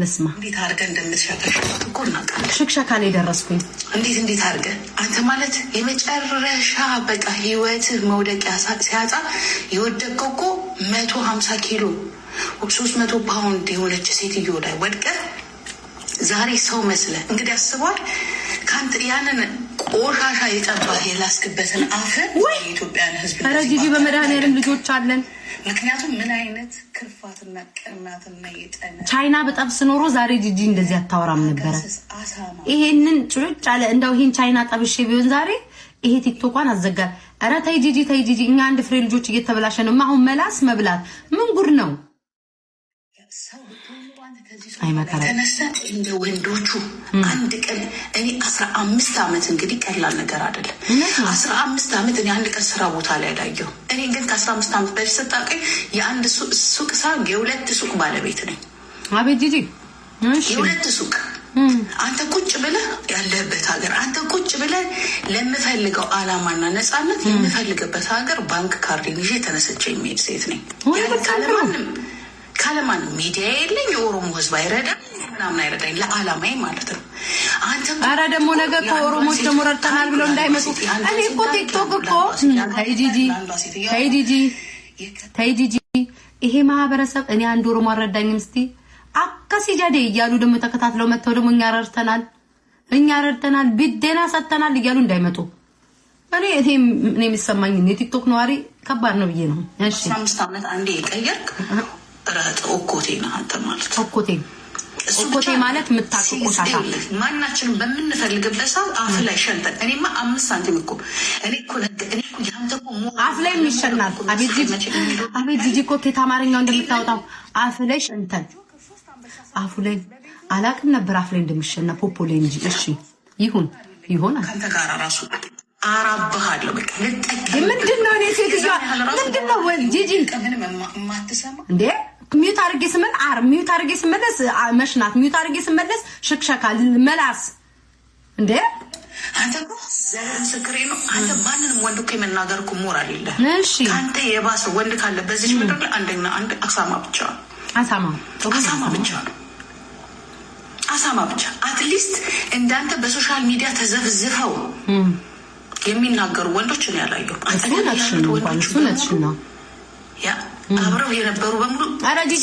ልስማ። እንዴት አድርገ እንደምትሸከሽበት እኮ እናውቃለን። ሽክሸካ ላይ ደረስኩኝ። እንዴት እንዴት አድርገ አንተ ማለት የመጨረሻ በቃ ህይወትህ መውደቂያ ሲያጣ የወደቀው እኮ መቶ ሀምሳ ኪሎ ሶስት መቶ ፓውንድ የሆነች ሴትዮ ላይ ወድቀ ዛሬ ሰው መስለ እንግዲህ አስቧል ከአንተ ያንን ቆሻሻ የጠጧ የላስክበትን አፍን የኢትዮጵያን ህዝብ ኧረ ጊዜ በመድኃኒዓለም ልጆች አለን። ምክንያቱም ምን አይነት ክርፋትና ቅናትና የጠነ ቻይና በጣም ስኖሮ ዛሬ ጂጂ እንደዚህ አታወራም ነበረ። ይሄንን ጭጭ አለ እንደው ይሄን ቻይና ጠብሼ ቢሆን ዛሬ ይሄ ቲክቶኳን አዘጋል። ኧረ ተይ ጂጂ ተይ ጂጂ፣ እኛ አንድ ፍሬ ልጆች እየተበላሸ ነው። አሁን መላስ መብላት ምን ጉድ ነው? ተነስተህ እንደ ወንዶቹ አንድ ቀን እኔ አስራ አምስት ዓመት እንግዲህ ቀላል ነገር አይደለም። አስራ አምስት ዓመት እኔ አንድ ቀን ስራ ቦታ ላይ አላየሁም። እኔ ግን ከአስራ አምስት ዓመት በፊት ስታውቀኝ የአንድ ሱቅ ሳ የሁለት ሱቅ ባለቤት ነኝ። አቤት ጂጂ የሁለት ሱቅ አንተ ቁጭ ብለህ ያለህበት ሀገር አንተ ቁጭ ብለህ ለምፈልገው አላማና ነፃነት የምፈልግበት ሀገር ባንክ ካርድ ይዤ ተነስቼ የሚሄድ ሴት ነኝ ካለማንም ካለማንም ሚዲያ የለኝ የኦሮሞ ህዝብ አይረዳ ምናምን አይረዳኝ ለአላማዬ ማለት ነው። አረ ደግሞ ነገ ከኦሮሞች ደግሞ ረድተናል ብለው እንዳይመጡ። እኔ እኮ ቲክቶክ እኮ ተይ ጂጂ፣ ይሄ ማህበረሰብ እኔ አንድ ኦሮሞ አልረዳኝም። እስቲ አካሲጃዴ እያሉ ደግሞ ተከታትለው መጥተው ደግሞ እኛ ረድተናል፣ እኛ ረድተናል፣ ቢደና ሰጥተናል እያሉ እንዳይመጡ። እኔ እኔ እኔ የሚሰማኝ የቲክቶክ ነዋሪ ከባድ ነው ብዬ ነው። እሺ አምስት አመት አንዴ የቀየርክ ራጠ ኦኮቴ ነህ አንተ ማለት ኦኮቴ ኦኮቴ ማለት የምታውቅ ማናችንም በምንፈልግበት ሰዓት አፍ ላይ ሸንተን። እኔማ አምስት ሳንቲም እኮ እኔ እኮ እኔ አፍ ላይ የሚሸናል። አቤት ጂጂ እኮ ኬት አማርኛው እንደምታወጣው አፍ ላይ ሸንተን። አፉ ላይ አላቅም ነበር አፍ ላይ እንደምሸና ፖፖ ላይ እንጂ። እሺ ይሁን ይሆናል። ከአንተ ጋር ራሱ አራባሃለሁ። በቃ ምንድን ነው እኔ ሴትዮዋ ምንድን ነው ጂጂ እንዴ ሚዩት አድርጌ ስመል አር ሚዩት አድርጌ ስመለስ መሽናት ሚዩት አድርጌ ስመለስ ሽክሸካል መላስ እንዴ አንተ እኮ ምስክሬ ነው። አንተ ማንንም ወንድ እኮ የመናገር እኮ ሞራል የለህም። ከአንተ የባሰ ወንድ ካለ በዚች ምድር ላይ አንደኛ አንድ አሳማ ብቻ አሳማ አሳማ ብቻ አሳማ ብቻ አትሊስት እንዳንተ በሶሻል ሚዲያ ተዘፍዝፈው የሚናገሩ ወንዶች ነው ያላየው። ወንዶች ነው አብረው የነበሩ በሙሉ ኧረ ጂጂ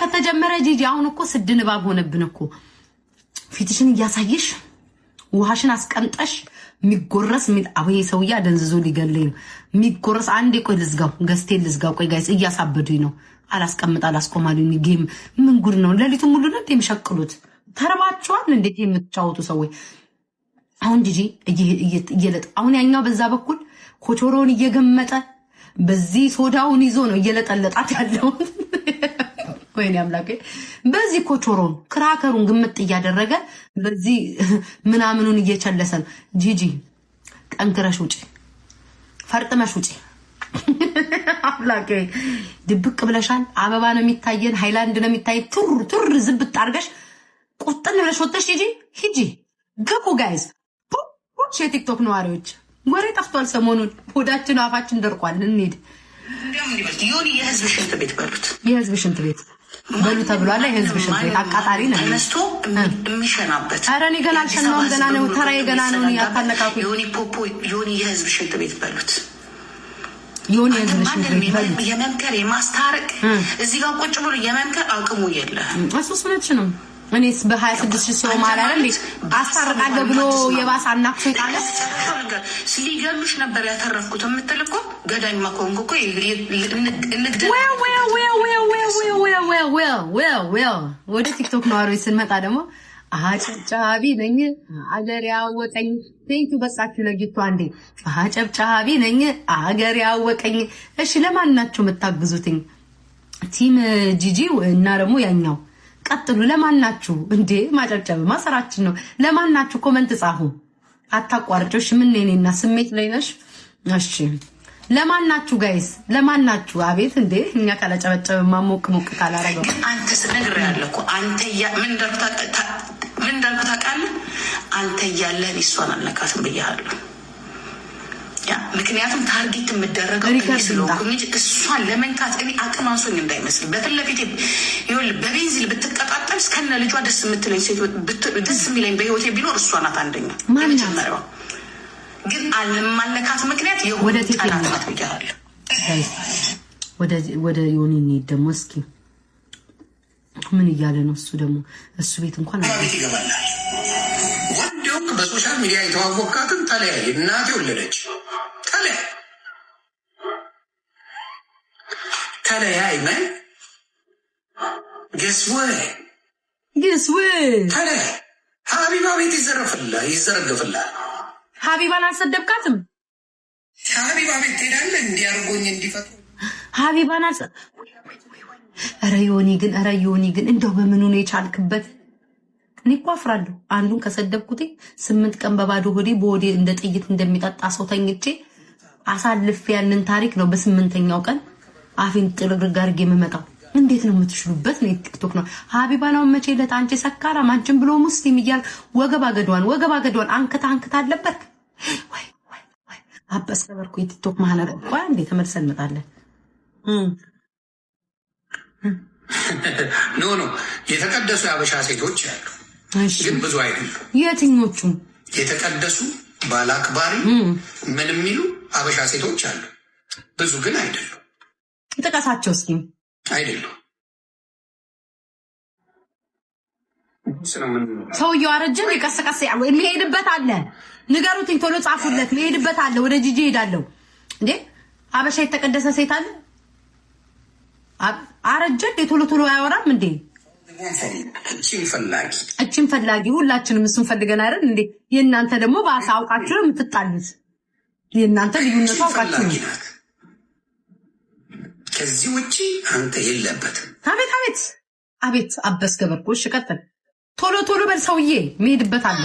ከተጀመረ ጂጂ አሁን እኮ ስድ ንባብ ሆነብን እኮ ፊትሽን እያሳየሽ ውሃሽን አስቀምጠሽ የሚጎረስ ሰውዬ ሊገለኝ ነው። የሚጎረስ አንዴ ቆይ ልዝጋው፣ ገዝቴ ልዝጋው። ቆይ ጋይስ እያሳበዱኝ ነው። አላስቀምጥ አላስቆማሉኝ። ጌም ምን ጉድ ነው? ሙሉ ነው የሚሸቅሉት። ተርባችኋል እንዴት የምትጫወቱ ሰዎች? አሁን ጂጂ እየለጥ አሁን ያኛው በዛ በኩል ኮቾሮውን እየገመጠ በዚህ ሶዳውን ይዞ ነው እየለጠለጣት ያለው። ወይኔ አምላኬ! በዚህ ኮቾሮን ክራከሩን ግምጥ እያደረገ በዚህ ምናምኑን እየቸለሰ ነው። ጂጂ ጠንክረሽ ውጪ፣ ፈርጥመሽ ውጪ። አምላኬ ድብቅ ብለሻል። አበባ ነው የሚታየን፣ ሃይላንድ ነው የሚታየን። ቱር ቱር ዝብት አድርገሽ ቁጥን ብለሽ ወጥተሽ ሂጂ ሂጂ። ግቡ ጋይዝ፣ የቲክቶክ ነዋሪዎች ወሬ ጠፍቷል። ሰሞኑን ሆዳችን አፋችን ደርቋል። እንሂድ። የህዝብ ሽንት ቤት በሉት፣ የህዝብ ሽንት ቤት በሉ ተብሏል። የህዝብ ሽንት ቤት አቃጣሪ ነው መስቶ የሚሸናበት። ኧረ እኔ ገና አልሸናውም፣ ገና ነው ተራዬ፣ ገና ነው። ያታነቃኩ ዮኒ ፖፖ፣ ዮኒ የህዝብ ሽንት ቤት በሉት። ዮኒ የመምከር የማስታረቅ እዚህ ጋር ቁጭ ብሎ የመምከር አቅሙ የለ። እሱስ እውነትሽ ነው። እኔስ በሀያ ስድስት ሺህ ሰው ማለት አይደል አስታርቃለሁ ብሎ የባሰ አናክሶ ይጣለ ሊገሉሽ ነበር ያተረፍኩት የምትል እኮ ገዳኝማ ከሆንኩ እኮ ወደ ቲክቶክ ነዋሪዎች ስንመጣ ደግሞ አጨብጫቢ ነኝ አገር ያወቀኝ ቴንኪው በሳችሁ ለጊቱ አንዴ አጨብጫቢ ነኝ አገር ያወቀኝ እሺ ለማን ናቸው የምታግዙትኝ ቲም ጂጂ እና ደግሞ ያኛው ቀጥሉ። ለማን ናችሁ እንዴ ማጨብጨብ ማሰራችን ነው። ለማን ናችሁ? ኮመንት ጻፉ። አታቋርጮሽ። ምን ኔኔና ስሜት ላይ ነሽ? እሺ ለማን ናችሁ ጋይስ፣ ለማን ናችሁ? አቤት እንዴ እኛ ካላጨበጨብማ ማሞቅ ሞቅ ካላረገው አንተ ስነግር ያለ አንተ ምን እንዳልኩ ታውቃለህ። አንተ እያለህን እሷን አልነካትም ብያለሁ። ምክንያቱም ታርጌት የምደረገው እኔ እሷን ለመንካት እኔ አቅም አንሶኝ እንዳይመስል በፊት ለፊት ይኸውልህ፣ በቤንዚል ብትቀጣጠል እስከነ ልጇ ደስ የምትለኝ ሴት ደስ የሚለኝ በህይወቴ ቢኖር እሷ ናት። አንደኛ መጀመሪያዋ ግን አለማለካት ምክንያት የሆነ ጠላት ናት ብያለሁ። ወደ ዮኒ እንሂድ ደግሞ እስኪ ምን እያለ ነው እሱ? ደግሞ እሱ ቤት እንኳን ይገባል። ወንድ በሶሻል ሚዲያ የተዋወቃትን ተለያየ እናቴ ወለደች ተለያ ተለያይመን ገስወ ገስወ ተለያ ሀቢባ ቤት ይዘረፍላ ይዘረገፍላል። ሀቢባን አልሰደብካትም። ሀቢባ ቤት ትሄዳለህ። እንዲያርጎኝ እንዲፈቱ ሀቢባን አልሰ ኧረ ዮኒ ግን ኧረ ዮኒ ግን እንደው በምኑ ነው የቻልክበት? እኔ እኮ አፍራለሁ። አንዱን ከሰደብኩት ስምንት ቀን በባዶ ሆዴ በሆዴ እንደ ጥይት እንደሚጠጣ ሰው ተኝቼ አሳልፍ ያንን ታሪክ ነው በስምንተኛው ቀን አፌን ጥርግርግ አድርጌ የምመጣው። እንዴት ነው የምትሽሉበት? ነው ቲክቶክ ነው ሀቢባ ነው መቼ ዕለት አንቺ ሰካራም አንቺን ብሎ ሙስሊም እያል ወገብ አገዷን ወገብ አገዷን አንክት አንክት አለበት ወይ ወይ ወይ አበስ የቲክቶክ ማህነረ ቆይ እንዴ ተመልሰን እንመጣለን። ኖ ኖ የተቀደሱ የአበሻ ሴቶች ያሉ ግን ብዙ አይደሉም። የትኞቹም የተቀደሱ ባላክባሪ ምን የሚሉ አበሻ ሴቶች አሉ፣ ብዙ ግን አይደሉም። ጥቀሳቸው እስኪ። አይደሉም። ሰውየው አረጀም የቀስቀስ የሚሄድበት አለ። ንገሩትኝ፣ ቶሎ ጻፉለት። የሚሄድበት አለ። ወደ ጂጂ ሄዳለሁ እንዴ አበሻ የተቀደሰ ሴት አለ። አረጀ እንዴ ቶሎ ቶሎ አያወራም እንዴ? እቺን ፈላጊ ሁላችንም እሱን ፈልገን አይደል እንዴ? የእናንተ ደግሞ በአሳ አውቃችሁ የምትጣሉት የእናንተ ልዩነቱ አውቃችሁ ከዚህ ውጭ አንተ የለበትም። አቤት አቤት አቤት አበስ ገበርኩሽ። ቀጥል። ቶሎ ቶሎ በል ሰውዬ፣ መሄድበት አለ።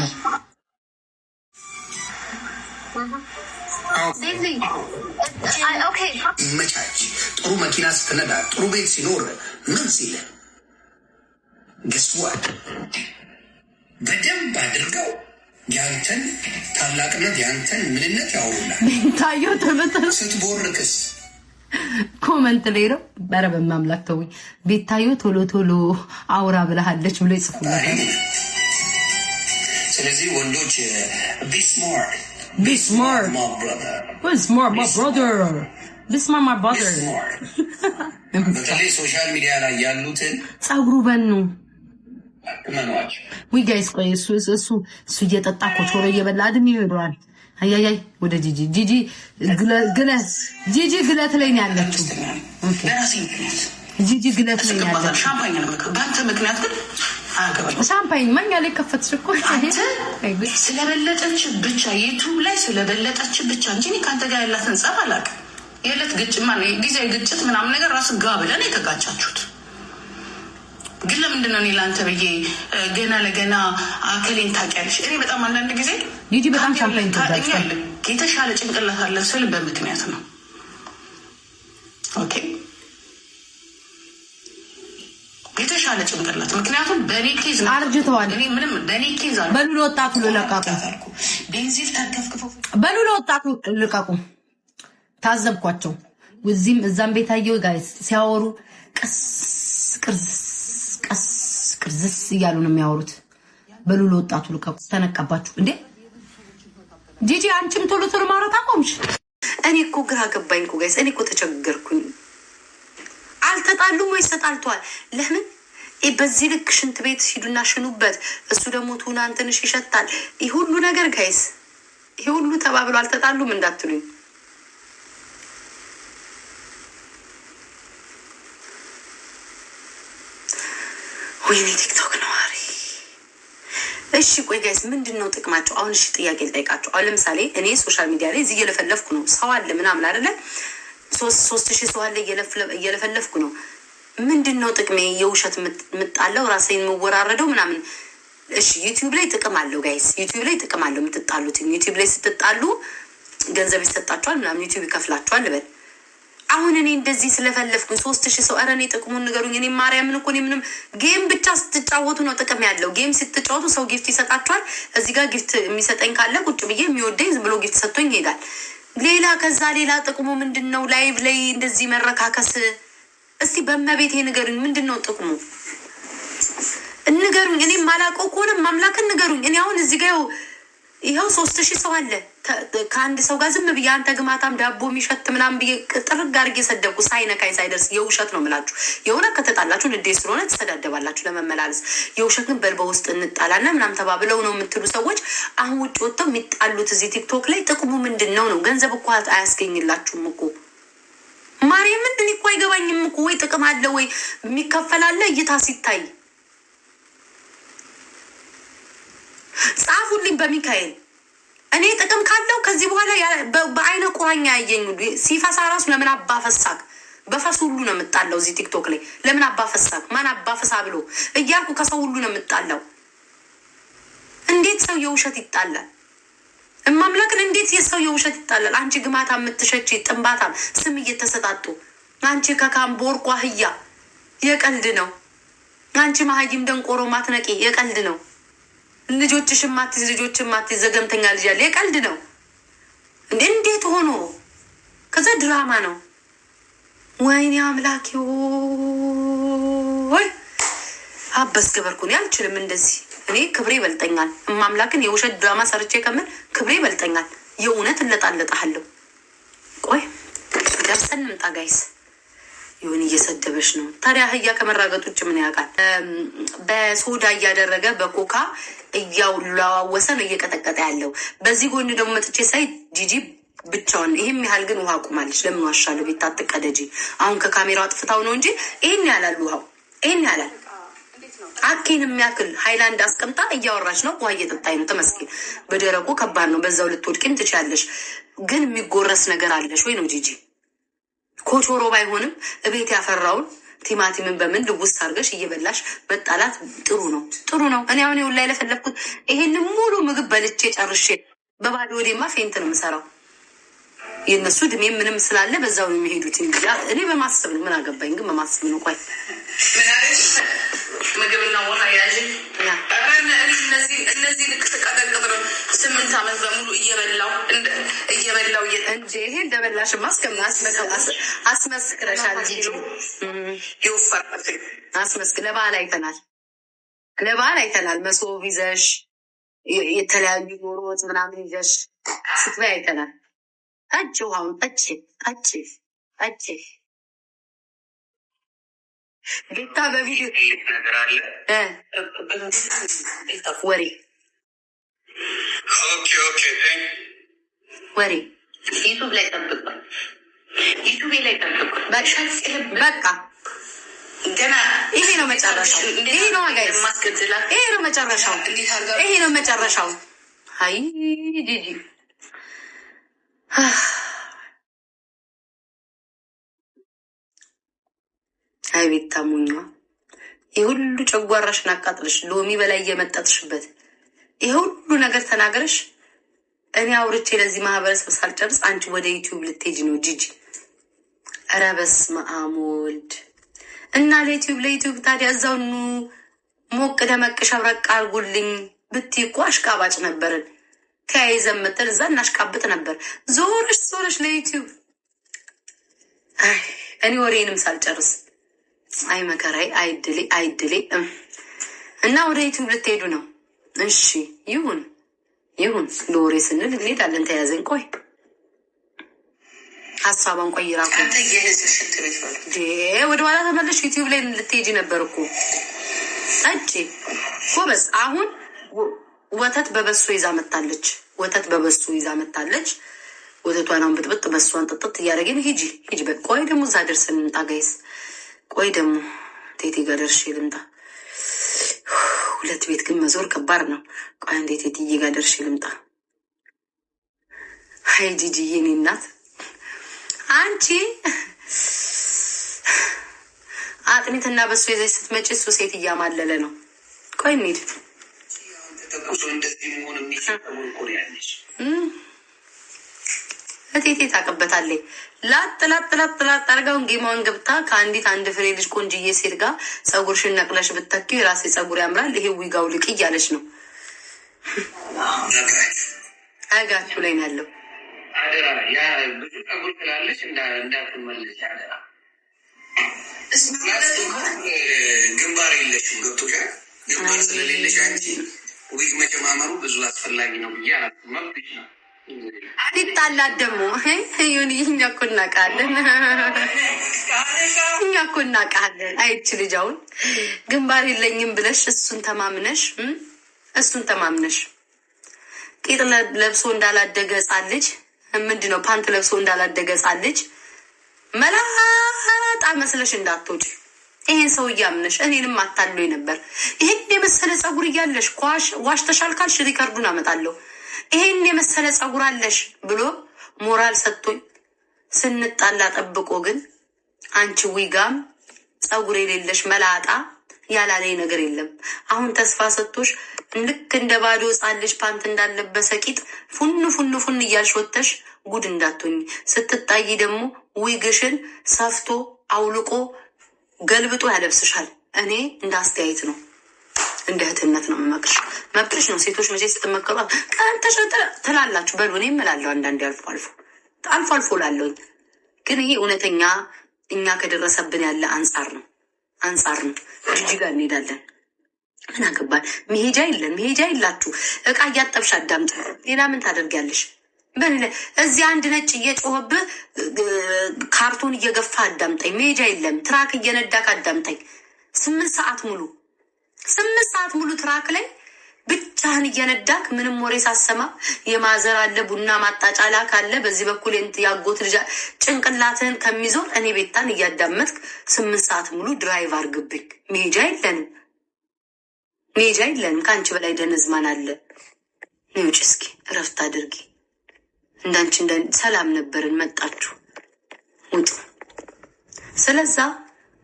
ይመቻች። ጥሩ መኪና ስትነዳ፣ ጥሩ ቤት ሲኖር ምን ሲለ ገስዋል በደንብ አድርገው ያንተን ታላቅነት ያንተን ምንነት ያውላል። ታየው ተመጠን ስትቦርቅስ ኮመንት ላይ ነው። ኧረ በማምላክ ተውኝ። ቤታዮ ቶሎ ቶሎ አውራ ብለሃለች ብሎ ይጽፉልታል። ስለዚህ ወንዶች ቢስማር ሶሻል ሚዲያ ላይ ያሉትን ጸጉሩ በኑ ቅመሟቸው። ዊጋይስ ቆይ እሱ እሱ እሱ እየጠጣ ኮቾሮ እየበላ አድሜ ይሄደዋል። አያያይ ወደ ጂጂ ጂጂ ግለት ጂጂ ግለት ላይ ነው ያለችው። ጂጂ ግለት ላይ ነው ያለችው። በአንተ ምክንያት ግን ሻምፓኝ ማኛ ላይ ከፈትሽ እኮ ስለበለጠች ብቻ የቱ ላይ ስለበለጠች ብቻ እንጂ እኔ ከአንተ ጋር ያላትን ጸብ አላውቅም። የዕለት ግጭማ ጊዜ ግጭት ምናምን ነገር ራስ ጋ ብለን የተጋጫችሁት ግን ለምንድን ነው እኔ ለአንተ ብዬ ገና ለገና አከሌን ታውቂያለሽ? እኔ በጣም አንዳንድ ጊዜ ልጅ በጣም ሻምፓኝ የተሻለ ጭንቅላት አለ ስል በምክንያት ነው። ኦኬ የተሻለ ጭንቅላት ምክንያቱም በእኔ ኬዝ አርጅተዋል። እኔ ምንም በእኔ ኬዝ አ በሉ ለወጣቱ ልለቃቁ ቤንዚል ተርከፍክፎ በሉ ለወጣቱ ልቀቁ። ታዘብኳቸው እዚህም እዛም ቤታየው ጋይስ ሲያወሩ ቅስ ቅርስ ቅርዝስ እያሉ ነው የሚያወሩት። በሉ ለወጣቱ ልቀቁ፣ ተነቀባችሁ እንዴ! ጂጂ አንቺም ቶሎ ቶሎ ማውራት አቆምሽ። እኔ እኮ ግራ ገባኝ እኮ ጋይስ፣ እኔ እኮ ተቸገርኩኝ። አልተጣሉም ወይስ ተጣልተዋል? ለምን በዚህ ልክ ሽንት ቤት ሂዱና ሽኑበት፣ እሱ ደግሞ ቱናን ትንሽ ይሸታል። ይህ ሁሉ ነገር ጋይስ፣ ይህ ሁሉ ተባብሎ አልተጣሉም እንዳትሉኝ። ወይኔ ቲክቶክ ነዋሪ። እሺ ቆይ ጋይስ ምንድን ነው ጥቅማቸው? አሁን እሺ ጥያቄ ልጠይቃቸው። አሁን ለምሳሌ እኔ ሶሻል ሚዲያ ላይ እዚህ እየለፈለፍኩ ነው፣ ሰው አለ ምናምን አደለ፣ ሶስት ሺህ ሰው አለ እየለፈለፍኩ ነው። ምንድን ነው ጥቅሜ? የውሸት ምጣለው ራሴን የምወራረደው ምናምን እሺ ዩቲዩብ ላይ ጥቅም አለው ጋይስ፣ ዩቲዩብ ላይ ጥቅም አለው። የምትጣሉት ዩቲዩብ ላይ ስትጣሉ ገንዘብ ይሰጣችኋል ምናምን ዩቲዩብ ይከፍላችኋል ልበል አሁን እኔ እንደዚህ ስለፈለፍኩኝ ሶስት ሺህ ሰው ኧረ እኔ ጥቅሙን ንገሩኝ። እኔ ማርያምን እኮ እኔ ምንም ጌም ብቻ ስትጫወቱ ነው ጥቅም ያለው። ጌም ስትጫወቱ ሰው ጊፍት ይሰጣችኋል። እዚህ ጋር ጊፍት የሚሰጠኝ ካለ ቁጭ ብዬ የሚወደኝ ዝም ብሎ ጊፍት ሰጥቶኝ ይሄዳል። ሌላ ከዛ ሌላ ጥቅሙ ምንድን ነው? ላይቭ ላይ እንደዚህ መረካከስ። እስቲ በመቤቴ ንገሩኝ፣ ምንድን ነው ጥቅሙ? ንገሩኝ። እኔ ማላውቀው ከሆነ ማምላክን ንገሩኝ። እኔ አሁን እዚህ ጋር ይኸው ሶስት ሺህ ሰው አለ ከአንድ ሰው ጋር ዝም ብዬ አንተ ግማታም ዳቦ የሚሸት ምናምን ብዬ ጥርግ አድርጌ ሰደብኩ፣ ሳይነካኝ ሳይደርስ። የውሸት ነው ምላችሁ። የሆነ ከተጣላችሁ ንዴ ስለሆነ ትሰዳደባላችሁ ለመመላለስ። የውሸት ግን በል በውስጥ እንጣላና ምናምን ተባብለው ነው የምትሉ ሰዎች አሁን ውጭ ወጥተው የሚጣሉት እዚህ ቲክቶክ ላይ ጥቅሙ ምንድን ነው ነው? ገንዘብ እኮ አያስገኝላችሁም እኮ ማርያም። ምንድን እኮ አይገባኝም እኮ ወይ ጥቅም አለ ወይ የሚከፈላለ እይታ ሲታይ ጻፉልኝ በሚካኤል እኔ ጥቅም ካለው ከዚህ በኋላ በአይነ ቁራኛ ያየኝ ሁሉ ሲፈሳ ራሱ ለምን አባፈሳክ በፈሱ ሁሉ ነው የምጣለው። እዚህ ቲክቶክ ላይ ለምን አባፈሳክ ማን አባፈሳ ብሎ እያልኩ ከሰው ሁሉ ነው የምጣለው። እንዴት ሰው የውሸት ይጣላል? እማምላክን እንዴት የሰው የውሸት ይጣላል? አንቺ ግማታ የምትሸች ጥንባታም ስም እየተሰጣጡ አንቺ ከካም ቦርቋ አህያ የቀልድ ነው። አንቺ መሀይም ደንቆሮ ማትነቂ የቀልድ ነው። ልጆችሽ ማትይዝ ልጆች ማትይዝ ዘገምተኛ ልጅ ያለ የቀልድ ነው እንዴ? እንዴት ሆኖ ከዛ ድራማ ነው። ወይኔ አምላኬ ወይ አበስ ገበርኩን አልችልም እንደዚህ እኔ ክብሬ ይበልጠኛል። እማምላክን የውሸት ድራማ ሰርቼ ከምን ክብሬ ይበልጠኛል። የእውነት እለጣለጣሃለሁ። ቆይ ደርሰን እንምጣ ጋይስ። ይሁን እየሰደበች ነው። ታዲያ አህያ ከመራገጥ ውጭ ምን ያውቃል? በሶዳ እያደረገ በኮካ እያለዋወሰ ነው እየቀጠቀጠ ያለው። በዚህ ጎን ደግሞ መጥቼ ሳይ ጂጂ ብቻውን ይህም ያህል ግን ውሃ ቁማለች። ለምን ዋሻለ ቤታ አሁን ከካሜራው አጥፍታው ነው እንጂ ይህን ያላል ውሃው ይህን ያላል አኬን የሚያክል ሀይላንድ አስቀምጣ እያወራች ነው። ውሃ እየጠጣኝ ነው። ተመስገን። በደረቁ ከባድ ነው። በዛው ልትወድቂም ትችያለሽ። ግን የሚጎረስ ነገር አለሽ ወይ ነው ጂጂ ኮቾሮ ባይሆንም እቤት ያፈራውን ቲማቲምን በምን ልውስ አድርገሽ እየበላሽ መጣላት ጥሩ ነው፣ ጥሩ ነው። እኔ አሁን ይኸውልህ ላይ ለፈለግኩት ይሄን ሙሉ ምግብ በልቼ ጨርሼ በባዶ ወዴማ ፌንት ነው የምሰራው። የእነሱ እድሜ ምንም ስላለ በዛው ነው የሚሄዱት። እኔ በማስብ ነው ምን አገባኝ፣ ግን በማስብ ነው። ቆይ ምግብና ውሃ ያዥ እነዚህ ልክ ተቀጠቅጥ ነው ስምንት ዓመት በሙሉ እየበላው እየበላው እንጂ ይሄ እንደበላሽ ማስከምናስ አስመስክረሻል። ጂጂ ይወፈር አስመስክ ለበዓል አይተናል፣ ለበዓል አይተናል። መሶብ ይዘሽ የተለያዩ ዶሮ ወጥ ምናምን ይዘሽ ስትበይ አይተናል። ጠጭ ውሃውን ጠጭ ጠጭ ጠጭ ቤታ በቪዲዮ ወሬ ወሬ ዩቱብ ላይ ጠብቋል። ዩቱቤ ላይ ጠብቋል። በቃ ገና ይሄ ነው መጨረሻው። ይሄ ነው ጋይስ፣ ይሄ ነው መጨረሻው። ይሄ ነው መጨረሻው። አይ ዲዲ አይ ቤት ታሙኛ የሁሉ ጨጓራሽን አቃጥልሽ ሎሚ በላይ እየመጠጥሽበት ይሄ ሁሉ ነገር ተናገረሽ። እኔ አውርቼ ለዚህ ማህበረሰብ ሳልጨርስ አንቺ ወደ ዩቲዩብ ልትሄጂ ነው ጂጂ። ኧረ በስመ አብ ወልድ እና ለዩቲዩብ ለዩቲዩብ ታዲያ እዛውኑ ሞቅ ደመቅ ሸብረቅ አርጉልኝ ብትይ እኮ አሽቃባጭ ነበርን። ተያይዘን ምትል እዛ እናሽቃብጥ ነበር። ዞረሽ ዞረሽ ለዩቲዩብ እኔ ወሬንም ሳልጨርስ አይ መከራይ አይድሌ አይድሌ እና ወደ ዩቲዩብ ልትሄዱ ነው። እሺ ይሁን ይሁን ለወሬ ስንል እንሄዳለን። ተያዘን። ቆይ ሀሳቧን ቆይራ ወደ ኋላ ተመለሽ። ዩቲዩብ ላይ ልትሄጂ ነበር እኮ ጠጪ ጎበዝ። አሁን ወተት በበሶ ይዛ መታለች። ወተት በበሶ ይዛ መታለች። ወተቷን አሁን ብጥብጥ በሷን ጥጥጥ እያደረግን ሂጂ ሂጂ። በቆይ ደግሞ እዛ ደርሰን እንምጣ ጋይስ። ቆይ ደግሞ ቴቴ ጋር ደርሼ ልምጣ። ሁለት ቤት ግን መዞር ከባድ ነው። ቆይ እንዴት የትዬ ጋ ደርሼ ልምጣ። ሀይ ጂጂዬ፣ እኔ እናት አንቺ አጥሚትና በሱ ይዘሽ ስትመጪ እሱ ሴት እያማለለ ነው። ቆይ እንሂድ ከሴቴ ታቅበታለች። ላጥ ላጥ ላጥ ላጥ አርጋውን ጌማውን ገብታ ከአንዲት አንድ ፍሬ ልጅ ቆንጅዬ ሴት ጋር ጸጉርሽን ነቅለሽ ብታኪው የራሴ ጸጉር ያምራል ይሄ ዊጋው ልቅ እያለች ነው። አጋችሁ ላይ ያለው። ግንባር የለሽም ገብቶሻል። ግንባር ስለሌለሽ አንቺ ዊግ መጨማመሩ ብዙ አስፈላጊ ነው ብዬ አላ መብት ነው አልጣላት ደግሞ እኛ እኮ እናውቃለን፣ እኛ እኮ አይች ልጅ አሁን ግንባር የለኝም ብለሽ እሱን ተማምነሽ እሱን ተማምነሽ ቂጥ ለብሶ እንዳላደገ ሕፃን ልጅ ምንድን ነው ፓንት ለብሶ እንዳላደገ ሕፃን ልጅ መላጣ መስለሽ እንዳትወጪ። ይሄን ሰው እያምነሽ እኔንም አታሎኝ ነበር። ይሄን የመሰለ ጸጉር እያለሽ ዋሽ ካልሽ ሪከርዱን አመጣለሁ። ይሄን የመሰለ ጸጉር አለሽ ብሎ ሞራል ሰጥቶኝ ስንጣላ ጠብቆ ግን አንቺ ዊጋም ጸጉር የሌለሽ መላጣ ያላለኝ ነገር የለም። አሁን ተስፋ ሰጥቶሽ ልክ እንደ ባዶ ጻልሽ ፓንት እንዳለበሰ ቂጥ ፉን ፉን ፉን እያልሽ ወጥተሽ ጉድ እንዳትሆኝ። ስትታይ ደግሞ ዊግሽን ሰፍቶ አውልቆ ገልብጦ ያለብስሻል። እኔ እንደ አስተያየት ነው። እንደ እህትነት ነው የምመክርሽ። መብትሽ ነው። ሴቶች መቼ ስትመከሩ ቀንተሽ ትላላችሁ። በሉ እኔ እምላለሁ አንዳንዴ አልፎ አልፎ አልፎ አልፎ ላለሁኝ ግን ይሄ እውነተኛ እኛ ከደረሰብን ያለ አንጻር ነው አንጻር ነው። ጅጅ ጋር እንሄዳለን። ምን አገባል? መሄጃ የለን መሄጃ የላችሁ። እቃ እያጠብሽ አዳምጥ። ሌላ ምን ታደርጊያለሽ? እዚህ አንድ ነጭ እየጮኸብህ ካርቶን እየገፋ አዳምጠኝ። መሄጃ የለም። ትራክ እየነዳክ አዳምጠኝ ስምንት ሰዓት ሙሉ ስምንት ሰዓት ሙሉ ትራክ ላይ ብቻህን እየነዳክ ምንም ወሬ ሳሰማ የማዘር አለ ቡና ማጣጫ ላክ አለ በዚህ በኩል ያጎት ልጅ ጭንቅላትህን ከሚዞር እኔ ቤታን እያዳመጥክ ስምንት ሰዓት ሙሉ ድራይቭ አርግብኝ። ሜጃ የለንም፣ ሜጃ የለንም። ከአንቺ በላይ ደነዝማን አለ። ውጭ እስኪ እረፍት አድርጊ። እንዳንቺ ሰላም ነበርን። መጣችሁ ውጡ። ስለዛ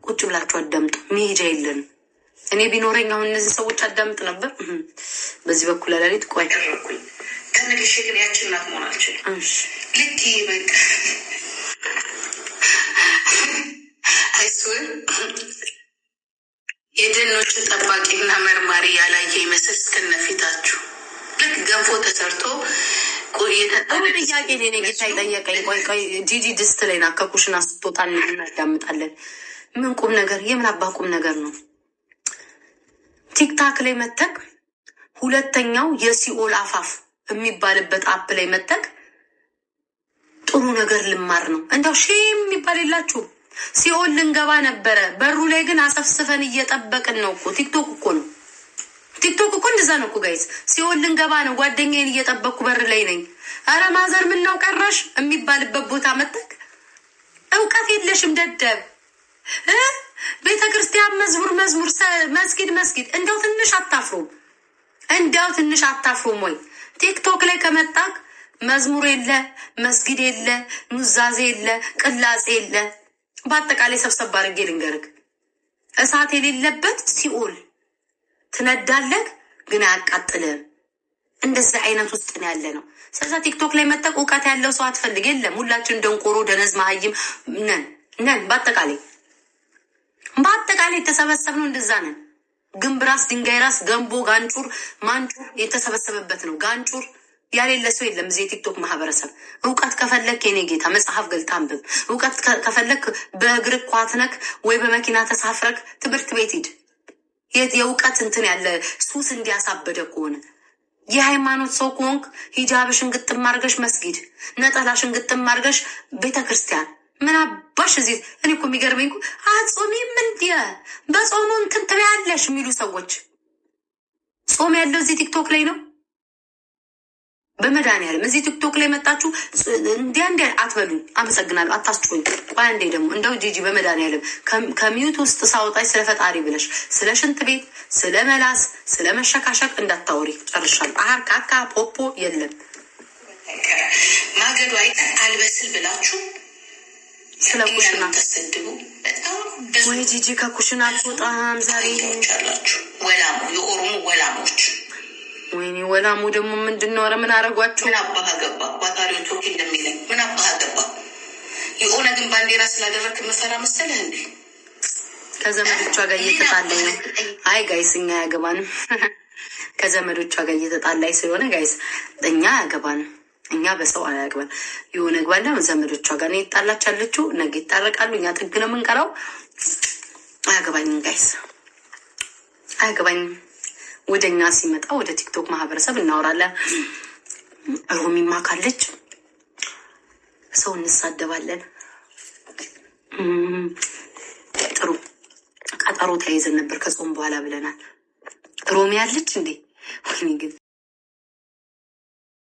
ቁጭ ብላችሁ አዳምጡ። ሜጃ የለንም። እኔ ቢኖረኝ አሁን እነዚህ ሰዎች አዳምጥ ነበር። በዚህ በኩል አላሌት ቆይ ያደረኩኝ ከነገሽ ግን ያችን ናት መሆን አልችልም። ልክ በቃ አይሱን የደኖቹ ጠባቂና መርማሪ ያላየ ይመስል እስከነፊታችሁ ልክ ገንፎ ተሰርቶ ቆየተጠ ጥያቄ ኔ ጌታ ይጠየቀኝ። ቆይ ቆይ ጂጂ ድስት ላይ ና ከኩሽና ስትወጣ እናዳምጣለን። ምን ቁም ነገር የምን አባ ቁም ነገር ነው? ቲክታክ ላይ መተክ ሁለተኛው የሲኦል አፋፍ የሚባልበት አፕ ላይ መተክ ጥሩ ነገር ልማር ነው። እንደው ሺ የሚባል የላችሁ ሲኦል ልንገባ ነበረ፣ በሩ ላይ ግን አሰፍስፈን እየጠበቅን ነው እኮ። ቲክቶክ እኮ ነው ቲክቶክ እኮ እንደዛ ነው እኮ ጋይዝ፣ ሲኦል ልንገባ ነው፣ ጓደኛዬን እየጠበቅኩ በር ላይ ነኝ። አረ ማዘር ምናው ቀረሽ የሚባልበት ቦታ መጠቅ እውቀት የለሽም ደደብ ቤተ ክርስቲያን መዝሙር መዝሙር፣ መስጊድ መስጊድ። እንደው ትንሽ አታፍሩም? እንደው ትንሽ አታፍሩም ወይ? ቲክቶክ ላይ ከመጣክ መዝሙር የለ መስጊድ የለ ኑዛዜ የለ ቅላጼ የለ። በአጠቃላይ ሰብሰብ አድርጌ ልንገርግ፣ እሳት የሌለበት ሲኦል ትነዳለህ፣ ግን አያቃጥልህም። እንደዚህ አይነት ውስጥ ነው ያለ ነው። ስለዚ ቲክቶክ ላይ መጠቅ እውቀት ያለው ሰው አትፈልግ። የለም ሁላችን ደንቆሮ፣ ደነዝ፣ መሀይም ነን ነን በአጠቃላይ በአጠቃላይ የተሰበሰብነው እንደዛ ነን። ግንብ ራስ፣ ድንጋይ ራስ፣ ገንቦ፣ ጋንጩር፣ ማንጩር የተሰበሰበበት ነው። ጋንጩር ያሌለ ሰው የለም። እዚህ የቲክቶክ ማህበረሰብ እውቀት ከፈለክ የኔ ጌታ መጽሐፍ ገልታ አንብብ። እውቀት ከፈለክ በእግር ኳትነክ ወይ በመኪና ተሳፍረክ ትምህርት ቤት ሂድ። የእውቀት እንትን ያለ ሱስ እንዲያሳበደ ከሆነ የሃይማኖት ሰው ከሆንክ ሂጃብሽን ግጥም አድርገሽ መስጊድ፣ ነጠላሽን ግጥም አድርገሽ ቤተ ክርስቲያን ምን አባሽ እዚህ እኔ እኮ የሚገርመኝ እኮ አጾሚም እንዲ በጾሙ እንትን ትበያለሽ የሚሉ ሰዎች ጾም ያለው እዚህ ቲክቶክ ላይ ነው። በመድኃኒዓለም እዚህ ቲክቶክ ላይ መጣችሁ እንዲያ እንዲያ አትበሉ። አመሰግናለሁ። አታስጩኝ። ቆይ አንዴ ደግሞ እንደው ጂጂ በመድኃኒዓለም ከሚዩት ውስጥ ሳውጣች ስለ ፈጣሪ ብለሽ ስለ ሽንት ቤት፣ ስለ መላስ፣ ስለ መሸካሸቅ እንዳታወሪ። ጨርሻለሁ። አሀር ካካ ፖፖ የለም ማገዷ አልበስል ብላችሁ ስለ ኩሽና ተሰድቡ ወይ ጂጂ ከኩሽና በጣም ዛሬ አላችሁ። ወላሙ የኦሮሞ ወላሞች ወይኔ ወላሙ ደግሞ ምንድን ነው? ኧረ ምን አረጓችሁ? ምን አባህ ገባ ባታሪው ቶክ እንደሚለ ምን አባህ ገባ። የኦነግን ባንዲራ ስላደረግ መሰራ መሰለህ እንዴ? ከዘመዶቿ ጋር እየተጣለ ነው። አይ ጋይስ እኛ ያገባንም ከዘመዶቿ ጋር እየተጣላይ ስለሆነ ጋይስ እኛ ያገባንም እኛ በሰው አያግበን የሆነ ግባና ዘመዶቿ ጋር ነው የጣላች ያለችው። ነገ ይጣረቃሉ። እኛ ጥግ ነው የምንቀራው። አያገባኝም ጋይስ፣ አያገባኝም። ወደ እኛ ሲመጣ ወደ ቲክቶክ ማህበረሰብ እናወራለን። ሮሚ ማካለች ሰው እንሳደባለን። ጥሩ ቀጠሮ ተያይዘን ነበር ከጾም በኋላ ብለናል። ሮሚ ያለች እንዴ? ወይኔ ግን